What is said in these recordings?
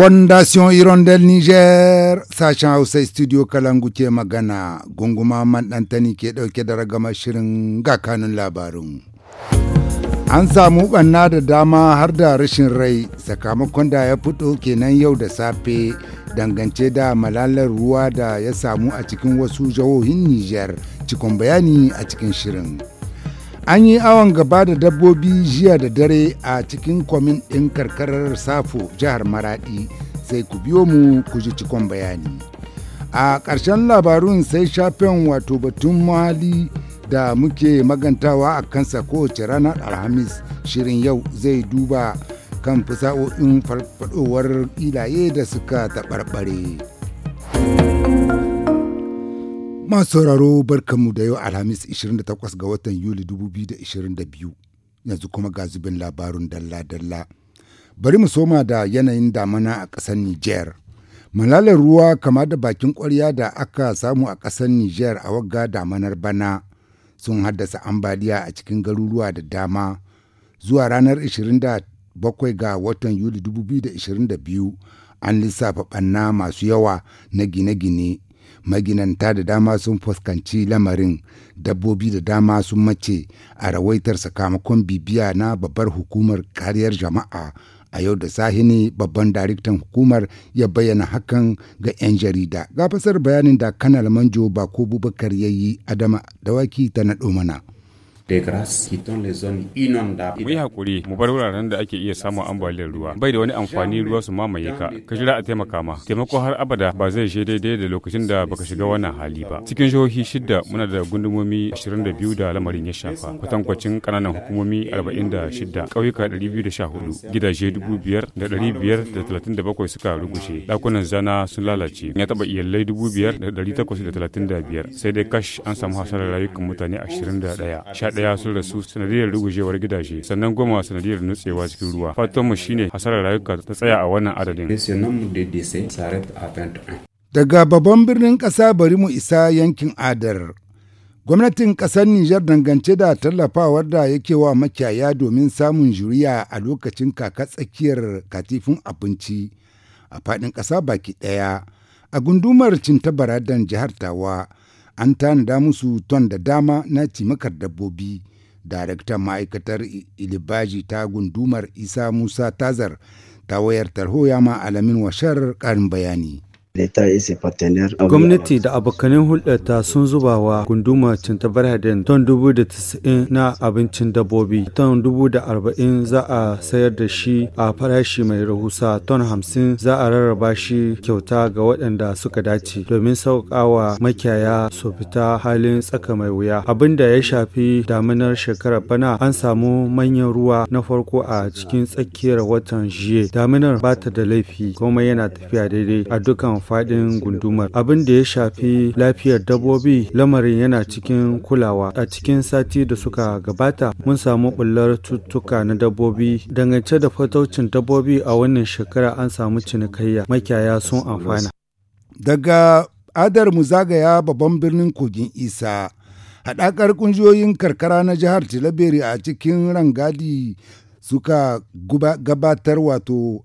fondation irondel niger sashen hausa studio kalangu magana gunguma maɗantani ke ɗauke da ragamar shirin ga kanun labarin an samu ɓanna da dama har da rashin rai sakamakon da ya fito kenan yau da safe dangance da malalar ruwa da ya samu a cikin wasu jihohin Nijar cikon bayani a cikin shirin. An yi awon gaba da dabbobi jiya da dare a cikin kwamin ɗin karkarar Safo jihar Maraɗi sai ku biyo mu ku ji cikon bayani. A ƙarshen labarun sai shafen wato batun muhalli da muke magantawa a kansa kowace ranar Alhamis shirin yau zai duba kan fusa'o'in farfadowar ilaye da suka taɓarɓare. Masu sauraro barkamu da yau Alhamis 28 ga watan Yuli 2022 yanzu kuma ga zubin labarun dalla-dalla. Bari mu soma da yanayin damana a ƙasar Nijar. Malalar ruwa kama da bakin ƙwarya da aka samu a ƙasar Nijar a wagga damanar bana sun haddasa ambaliya a cikin garuruwa da dama. zuwa ranar bakwai ga watan Yuli 2022 an lissafa ɓanna masu yawa na gine-gine maginanta da dama sun fuskanci lamarin dabbobi da dama sun mace a rawaitar sakamakon bibiya na babbar hukumar kariyar jama'a a yau da sahini babban daraktan hukumar ya bayyana hakan ga 'yan jarida ga fasar bayanin da kanal manjo ba ko bubakar yayi adama dawaki ta naɗo mana. les zones Mu yi hakuri mu bar wuraren da ake iya samun ambaliyar ruwa. Bai da wani amfani ruwa su mamaye ka. Ka jira a taimaka ma. Taimako har abada ba zai je daidai da lokacin da baka shiga wannan hali ba. Cikin jihohi shida muna da gundumomi 22 da lamarin ya shafa. Kwatankwacin kananan hukumomi 46, ƙauyuka 214, gidaje 5,537 suka ruguce. Ɗakunan zana sun lalace. Ya taɓa iyalai 5,835 sai dai kash an samu hasarar rayukan mutane 21. daya sun rasu sanadiyar rugujewar gidaje sannan goma sanadiyar nutsewa cikin ruwa mu shine hasarar rayuka ta tsaya a wannan adadin daga babban birnin kasa bari mu isa yankin adar gwamnatin ƙasar Nijar dangance da tallafawar da yake wa makiyaya domin samun juriya a lokacin kaka tsakiyar katifin abinci a faɗin ƙasa baki ɗaya a gundumar cinta cintabaradan jihar tawa an tanada musu ton da dama na cimakar dabbobi daraktan ma'aikatar ilibaji ta gundumar isa musa tazar ta wayar tarho ya ma alamin washar karin bayani Gwamnati da abokanin hulɗarta sun zuba wa gunduma Cintabar Hadin ton dubu da tasa'in na abincin dabbobi, ton dubu da arba'in za a sayar da shi a farashi mai rahusa, ton hamsin za a rarraba shi kyauta ga waɗanda suka dace domin sauƙawa makiyaya su fita halin tsaka mai wuya. Abin da ya shafi daminar shekarar bana an samu manyan ruwa na farko a cikin tsakiyar watan jiye. Daminar ba ta da laifi kuma yana tafiya daidai a dukkan faɗin gundumar. Abin da ya shafi lafiyar dabbobi lamarin yana cikin kulawa. A cikin sati da suka gabata mun samu bullar cututtuka na dabbobi. Dangance da fataucin dabbobi a wannan shekara an samu cinikayya. Makiyaya sun amfana. Daga adar mu zagaya babban birnin kogin Isa. haɗakar ƙungiyoyin karkara na jihar tilaberi a cikin rangadi suka gabatar wato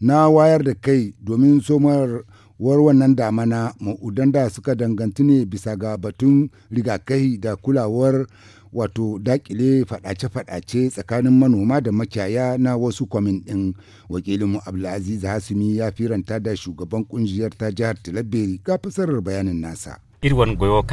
na wayar da kai domin somar war wannan damana ma'udan da suka danganci ne bisa ga batun rigakai da kulawar wato dakile fadace-fadace tsakanin manoma da makiyaya na wasu kwamin ɗin wakilinmu abdulaziz hasumi ya firanta da shugaban kungiyar ta jihar talabiri ga fasarar bayanin nasa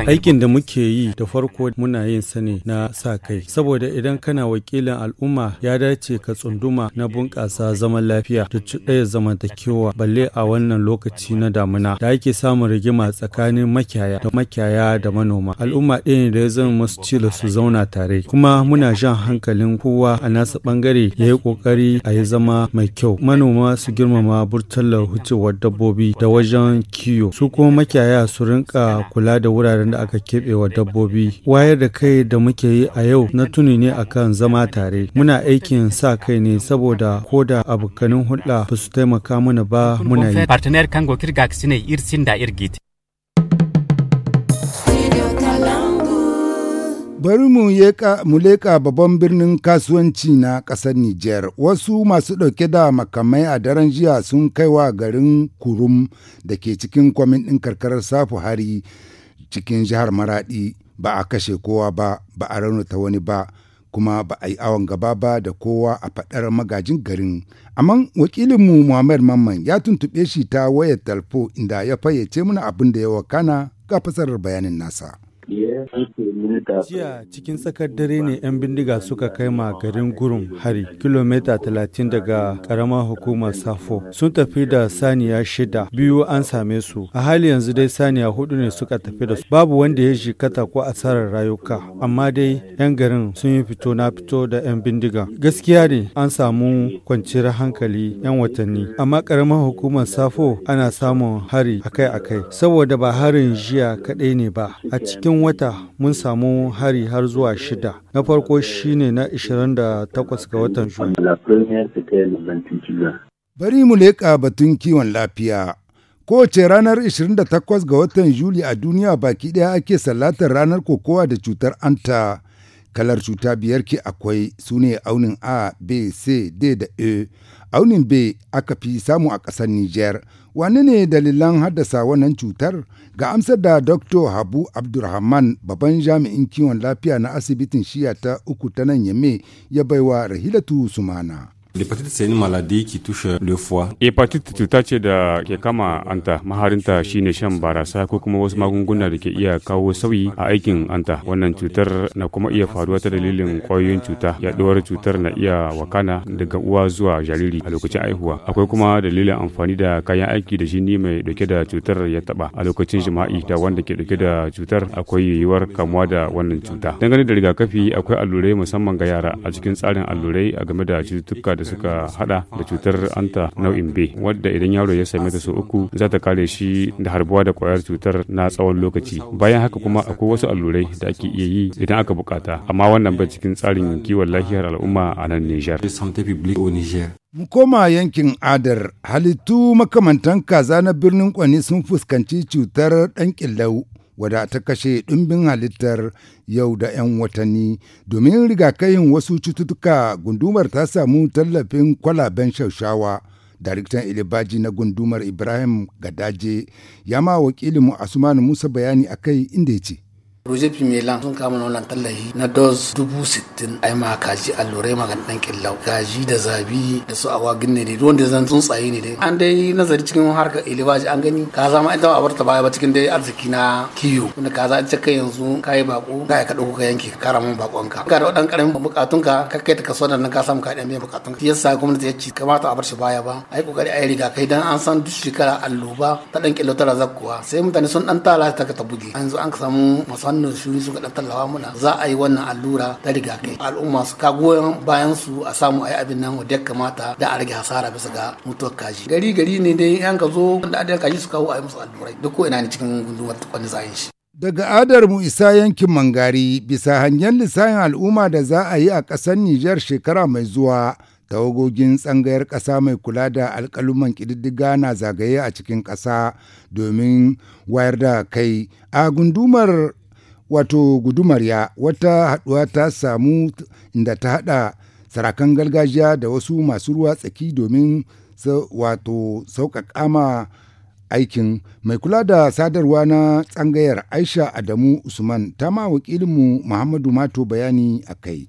aikin da muke yi da farko muna yin sani na sa kai saboda idan kana wakilin al'umma ya dace ka tsunduma na bunƙasa zaman lafiya da daya zamantakewa balle a wannan lokaci na damuna da ake samun rigima tsakanin makiyaya da makiyaya da manoma al'umma ɗaya ne da ya zama masu cila su zauna tare kuma muna jan hankalin kowa a nasa ɓangare ya yi ƙoƙari a yi zama mai kyau manoma su girmama burtalar hucewar dabbobi da wajen kiyo su kuma makiyaya su rinka kula da wuraren da aka keɓe wa dabbobi wayar da kai da muke yi a yau na tuni ne akan zama tare muna aikin sa kai ne saboda ko da abokanin hulɗa ba su taimaka mana ba muna yi Bari mu leka babban birnin kasuwanci na ƙasar Nijar. Wasu masu ɗauke da makamai a daren jiya sun kai wa garin Kurum da ke cikin kwamin ɗin karkarar Safu Hari cikin jihar Maraɗi ba a kashe kowa ba, ba a ta wani ba, kuma ba a yi awon gaba ba da kowa a faɗar magajin garin. Amma wakilinmu Muhammad Mamman ya tuntuɓe shi ta wayar talfo inda ya fayyace mana abin da ya wakana ga fasarar bayanin nasa. Jiya cikin tsakar dare ne 'yan bindiga suka kai ma garin gurum hari kilomita 30 daga karamar hukumar Safo. Sun tafi da saniya shida, biyu an same su. A hali yanzu dai saniya hudu ne suka tafi da su. Babu wanda ya jikata ko asarar rayuka, amma dai 'yan garin sun yi fito na fito da 'yan bindiga. Gaskiya ne an samu kwanciyar hankali 'yan watanni, amma karamar hukumar Safo ana samun hari akai-akai. Saboda ba harin jiya kaɗai ne ba, a cikin cikin wata mun samu hari har zuwa shida. Na farko shine na 28 ga watan Juni. Bari mu leƙa batun kiwon lafiya. Kowace ranar 28 ga watan juli a duniya baki ɗaya ake sallatar ranar kokowa da cutar anta. Kalar cuta biyar ke akwai su ne aunin A, B, C, D da E. aunin be aka fi samu a ƙasar Nijar. Wane ne dalilan haddasa wannan cutar? Ga amsar da Dr. Habu Abdulrahman babban jami'in kiwon lafiya na asibitin shiya ta uku ta nan Yame ya baiwa Rahilatu Sumana. Hepatitis c'est une maladie qui touche le foie. Hepatitis cuta ce da ke kama anta maharinta shine shan barasa ko kuma wasu magunguna da ke iya kawo sauyi a aikin anta. Wannan cutar na kuma iya faruwa ta dalilin kwayoyin cuta. Yaduwar cutar na iya wakana daga uwa zuwa jariri a lokacin aihuwa. Akwai kuma dalilin amfani da kayan aiki da jini mai dauke da cutar ya taba a lokacin jima'i da wanda ke dauke da cutar akwai yiwuwar kamuwa da wannan cuta. Dangane da rigakafi akwai allurai musamman ga yara a cikin tsarin allurai a game da cututtuka da suka hada da cutar anta nau'in B wadda idan yaro ya same ta su uku za ta kare shi da harbuwa da kwayar cutar na tsawon lokaci. Bayan haka kuma akwai wasu allurai da ake iya yi idan aka bukata amma wannan bai cikin tsarin kiwon lafiyar al'umma a nan Nijar. Mu koma yankin adar halittu makamantan kaza na birnin kwani sun fuskanci cutar dan wadda ta kashe ɗumbin halittar yau da 'yan watanni domin rigakafin wasu cututtuka gundumar ta samu tallafin kwalaben shaushawa daraktan ilibaji na gundumar ibrahim gadaje ya ma wakilin mu musa bayani akai inda ya ce Rojefi mai lan sun kama wannan tallafi na dos dubu sittin ai ma kaji allurai magan dan killau kaji da zabi da su awagin ne dai wanda zan tsuntsaye ne dai an dai nazari cikin harkar ilibaji an gani ka zama ita ba barta baya ba cikin dai arziki na kiyo wanda ka za kai yanzu ka yi bako ka ka dauko ka yanke ka ramin bakonka ka da wadan karamin bukatun ka ka kai ta kaso da nan ka samu ka dan biyan bukatun ka yasa gwamnati ya ce kamata a bar shi baya ba ai kokari ai riga kai dan an san duk shekara alluba ta dan killau tara zakkuwa sai mutane sun dan tala ta ka ta buge an an samu masu fannin shuri suka da tallawa muna za a yi wannan allura ta kai. al'umma su ka goyon bayan su a samu ayi abin nan wa ya kamata da a rage hasara bisa ga mutuwar kaji gari gari ne dai yan ka zo da adan kaji su kawo ayi musu allurai duk ko ina ne cikin gundumar kwani zayin shi daga adar mu isa yankin mangari bisa hanyar lisayin al'umma da za a yi a ƙasar Nijar shekara mai zuwa tawagogin tsangayar kasa mai kula da alƙaluman kididdiga na zagaye a cikin ƙasa domin wayar da kai a gundumar wato gudumarya wata haɗuwa ta samu inda ta haɗa sarakan gargajiya da wasu masu ruwa tsaki domin wato sauƙaƙa ma aikin mai kula da sadarwa na tsangayar aisha adamu usman ta ma wakilinmu muhammadu mato bayani a kai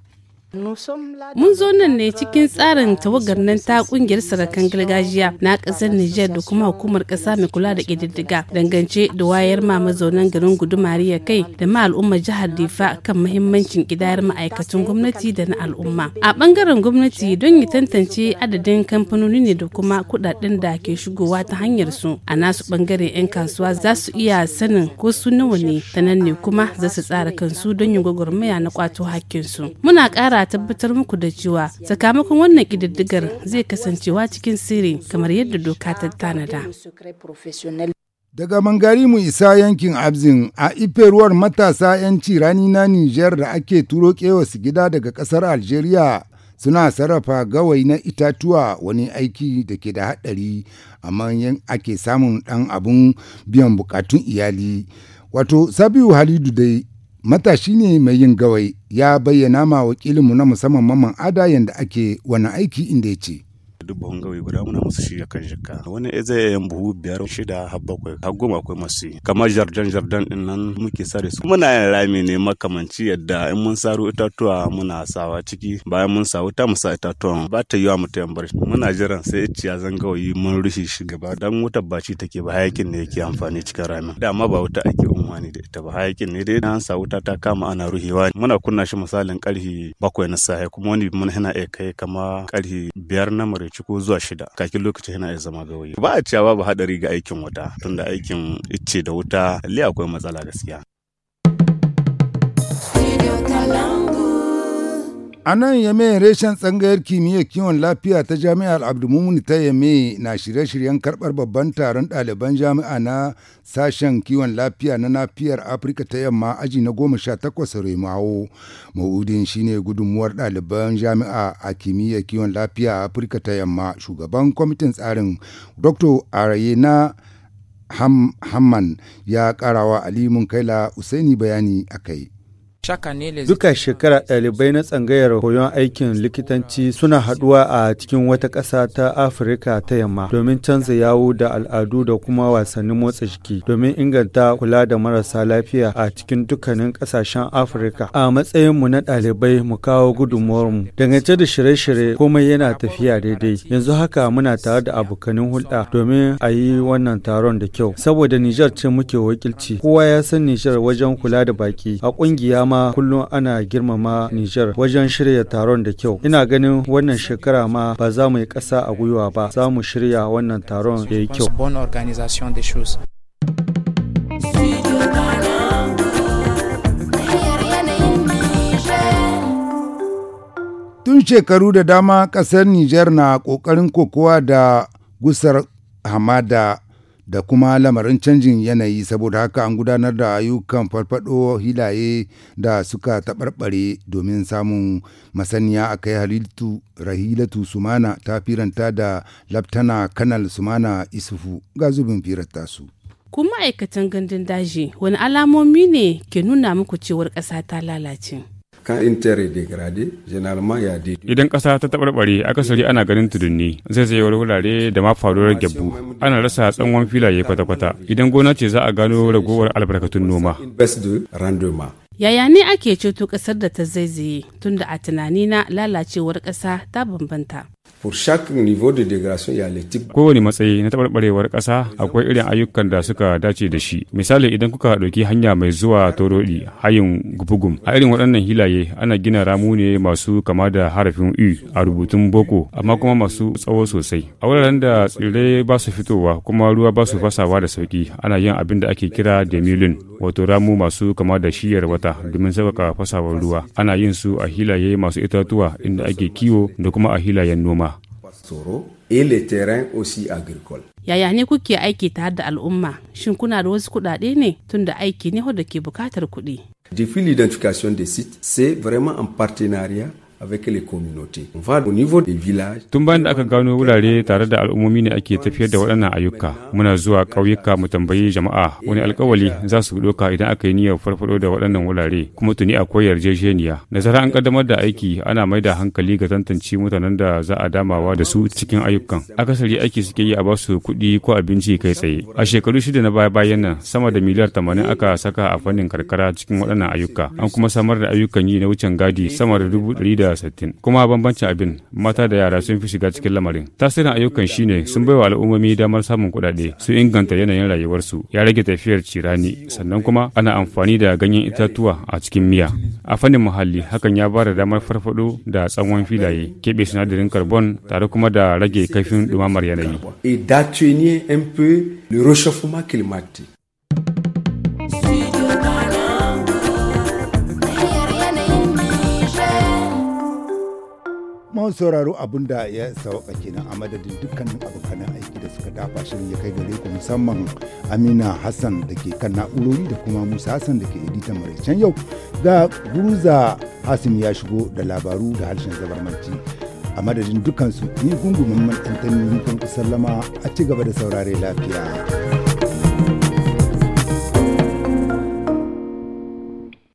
Mun zo nan ne cikin tsarin tawagar nan ta kungiyar sarakan gargajiya na ƙasar Nijar da kuma hukumar ƙasa mai kula da ƙididdiga dangance da wayar ma mazaunan garin Gudumariya kai da ma al'ummar jihar Difa kan muhimmancin ƙidayar ma'aikatan gwamnati da na al'umma. A ɓangaren gwamnati don ya tantance adadin kamfanoni ne da kuma kuɗaɗen da ke shigowa ta hanyar su. A nasu ɓangaren 'yan kasuwa za su iya sanin ko su nawa ne ta nan ne kuma za su tsara kansu don yin gwagwarmaya na kwato hakkinsu. Muna ƙara a tabbatar muku da cewa sakamakon wannan ƙididdigar zai kasancewa cikin sirri kamar yadda doka ta tanada. Daga mangari mu isa yankin Abzin a iferuwar matasa 'yanci rani na Nijar da ake turo kewa su gida daga kasar Algeria suna sarrafa gawayi na itatuwa wani aiki da ke da haɗari amma yan ake samun ɗan abun biyan bukatun iyali. Wato Sabiu Halidu dai matashi ne mai yin gawai ya bayyana ma wakilinmu na musamman mamman ada yadda ake wani aiki inda ya ce. duk buhun gawayi guda muna musu shi kan jikka wani zai buhu biyar shida har bakwai har goma akwai masu yi kamar jardan jardan din nan muke sare su muna yin rami ne makamanci yadda in mun saro itatuwa muna sawa ciki bayan mun sa wuta mu sa itatuwan ba ta yiwa mu ta muna jiran sai iciya zangawayi mun rushe shi gaba dan wutar ba ci take ba hayakin ne yake amfani cikin ramin dama ba wuta ake amfani da ita ba hayakin ne dai an sa wuta ta kama ana ruhewa muna kunna shi misalin karhi bakwai na safe kuma wani mun hana iya kai kama karhi biyar na mare ci ko zuwa shida kakin lokaci yana iya zama gawayi ba a cewa babu hadari ga aikin wuta tunda aikin icce da wuta lalle akwai matsala gaskiya A nan mai reshen tsangayar kimiyyar kiwon lafiya ta jami'ar Abdulmumin ta Yame na shirye-shiryen karbar babban taron ɗaliban jami'a na sashen kiwon lafiya na nafiyar Afirka ta yamma aji na goma sha takwas Remawo. Ma'udin shine gudunmuwar ɗaliban jami'a a kimiyyar kiwon lafiya a Afirka ta yamma shugaban kwamitin tsarin Dr. Arayena Hamman ya karawa alimun kaila Usaini bayani akai. Duka shekara ɗalibai na tsangayar koyon aikin likitanci suna haɗuwa a cikin wata ƙasa ta Afirka ta yamma domin canza yawo da al'adu da kuma wasannin motsa jiki domin inganta kula da marasa lafiya a cikin dukkanin ƙasashen Afirka. A matsayinmu na ɗalibai mu kawo mu. Dangance da shirye-shirye komai yana tafiya daidai. Yanzu haka muna tare da abokanin hulɗa domin a yi wannan taron da kyau. Saboda Nijar ce muke wakilci. Kowa ya san Nijar wajen kula da baki. A ƙungiya kuma kullum ana girmama Nijar wajen shirya taron da kyau. Ina ganin wannan shekara ma ba za mu yi ƙasa a gwiwa ba, za mu shirya wannan taron da ya kyau. Tun shekaru da dama ƙasar Nijar na ƙoƙarin kokowa da gusar hamada da kuma lamarin canjin yanayi saboda haka an gudanar da ayyukan farfaɗo hilaye da suka taɓarɓare domin samun masaniya a kai halittu rahilatu sumana ta firanta da laftana kanal sumana isufu ga zubin firar su. kuma ma'aikatan gandun daji wani alamomi ne ke nuna muku cewar ƙasa ta lalace kan degrade généralement Idan ƙasa ta taɓarɓare akasari ana ganin tudunni, zai zaizayewar wurare da ma faruwar gyabbu, ana rasa tsawon filaye kwata-kwata. Idan gona ce za a gano ragowar albarkatun noma. Yaya ne ake ceto ƙasar da ta zaizaye tunda a tunanina lalacewar ƙasa ta bambanta. Kowane matsayi na taɓarɓarewar ƙasa akwai irin ayyukan da suka dace da shi. Misali idan kuka ɗauki hanya mai zuwa Torodi, hayin Gubugum. A irin waɗannan hilaye ana gina ramu ne masu kama da harafin U a rubutun boko amma kuma masu tsawo sosai. A wuraren da tsirrai ba su fitowa kuma ruwa ba su fasawa da sauki ana yin abin da ake kira demilin wato ramu masu kama da shiyar wata domin sauƙaƙa fasawar ruwa. Ana yin su a hilaye masu itatuwa inda ake kiwo da kuma a hilayen noma. tsoro et les terrains aussi agricole. Yaya ne kuke aiki tare da al'umma? Shin kuna da wasu kuɗaɗe ne tunda aiki ne wadda ke bukatar kuɗi? Depuis l'identification des sites, c'est vraiment en partenariat avec les communautés. On va au niveau des villages. Tun bayan da aka gano wurare tare da al'ummomi ne ake tafiyar da waɗannan ayyuka. Muna zuwa ƙauyuka mu tambayi jama'a wani alkawali za su doka idan aka yi niyyar farfaɗo da waɗannan wurare kuma tuni akwai yarjejeniya. jejeniya. zarar an kaddamar da aiki ana mai da hankali ga tantance mutanen da za a damawa da su cikin ayyukan. Akasari aiki suke yi a ba su kuɗi ko abinci kai tsaye. A shekaru shida na baya bayan nan sama da miliyar tamanin aka saka a fannin karkara cikin waɗannan ayyuka. An kuma samar da ayyukan yi na wucin gadi sama da dubu ɗari da sittin kuma bambancin abin mata da yara sun fi shiga cikin lamarin tasirin ayyukan shine sun bai wa al'ummomi damar samun kuɗaɗe su inganta yanayin rayuwarsu ya rage tafiyar cirani sannan kuma ana amfani da ganyen itatuwa a cikin miya a fannin muhalli hakan ya bada damar farfado da tsawon filaye keɓe sinadarin carbon tare kuma da rage kaifin ɗumamar yanayi. Et d'atténuer masu sauraro abin da ya sauka kenan a madadin dukkanin abokanan aiki da suka dafa shirin ya kai gare ku musamman amina hassan da ke kan na'urori da kuma musa hassan da ke editan maraicen yau ga guruza hasim ya shigo da labaru da harshen zabarmanci a madadin dukansu ni gungumin mantantan hutun sallama a ci gaba da saurare lafiya.